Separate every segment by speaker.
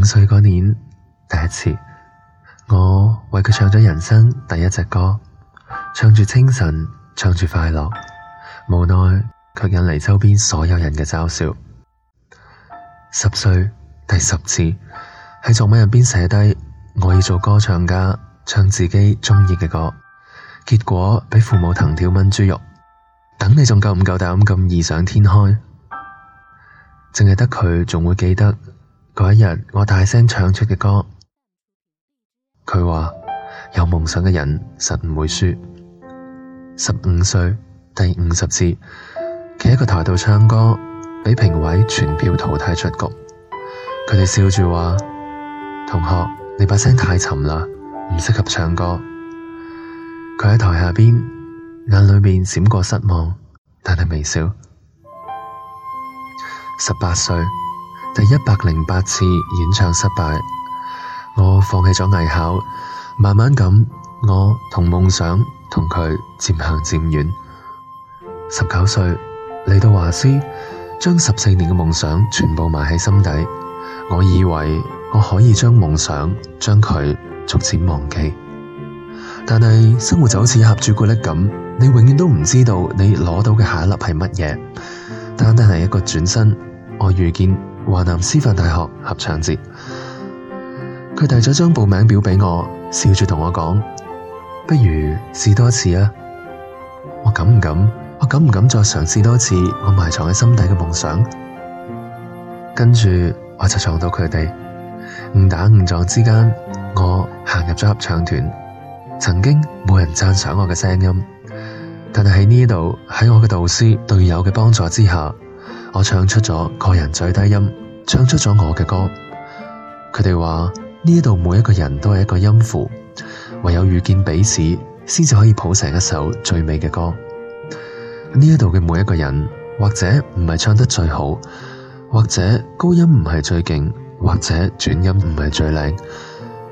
Speaker 1: 五歲嗰年，第一次，我為佢唱咗人生第一隻歌，唱住清晨，唱住快樂，無奈卻引嚟周邊所有人嘅嘲笑。十歲第十次喺作文入邊寫低，我要做歌唱家，唱自己中意嘅歌，結果俾父母藤條炆豬肉。等你仲夠唔夠膽咁異想天開？淨係得佢仲會記得。嗰一日，我大聲唱出嘅歌，佢話有夢想嘅人實唔會輸。十五歲第五十次企喺個台度唱歌，俾評委全票淘汰出局。佢哋笑住話：同學，你把聲太沉啦，唔適合唱歌。佢喺台下邊眼裏面閃過失望，但係微笑。十八歲。第一百零八次演唱失敗，我放棄咗藝考，慢慢咁，我同夢想同佢漸行漸遠。十九歲嚟到華師，將十四年嘅夢想全部埋喺心底。我以為我可以將夢想將佢逐漸忘記，但係生活就好似一盒朱古力咁，你永遠都唔知道你攞到嘅下一粒係乜嘢。單單係一個轉身。我遇見華南師範大學合唱節，佢遞咗張報名表俾我，笑住同我講：不如試多次啊！我敢唔敢？我敢唔敢再嘗試多次我埋藏喺心底嘅夢想？跟住我就撞到佢哋，誤打誤撞之間，我行入咗合唱團。曾經冇人讚賞我嘅聲音，但係喺呢度喺我嘅導師隊友嘅幫助之下。我唱出咗個人最低音，唱出咗我嘅歌。佢哋話呢一度每一個人都係一個音符，唯有遇見彼此，先至可以譜成一首最美嘅歌。呢一度嘅每一個人，或者唔係唱得最好，或者高音唔係最勁，或者轉音唔係最靚，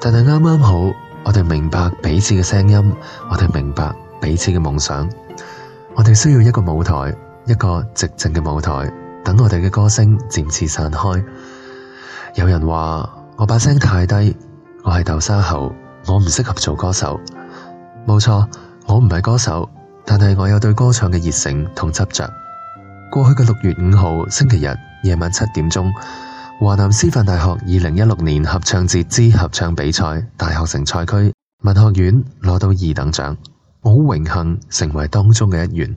Speaker 1: 但係啱啱好，我哋明白彼此嘅聲音，我哋明白彼此嘅夢想，我哋需要一個舞台，一個真正嘅舞台。等我哋嘅歌聲漸次散開。有人話我把聲太低，我係豆沙喉，我唔適合做歌手。冇錯，我唔係歌手，但係我有對歌唱嘅熱誠同執着。過去嘅六月五號星期日夜晚七點鐘，華南師範大學二零一六年合唱節之合唱比賽大學城賽區文學院攞到二等獎，我好榮幸成為當中嘅一員。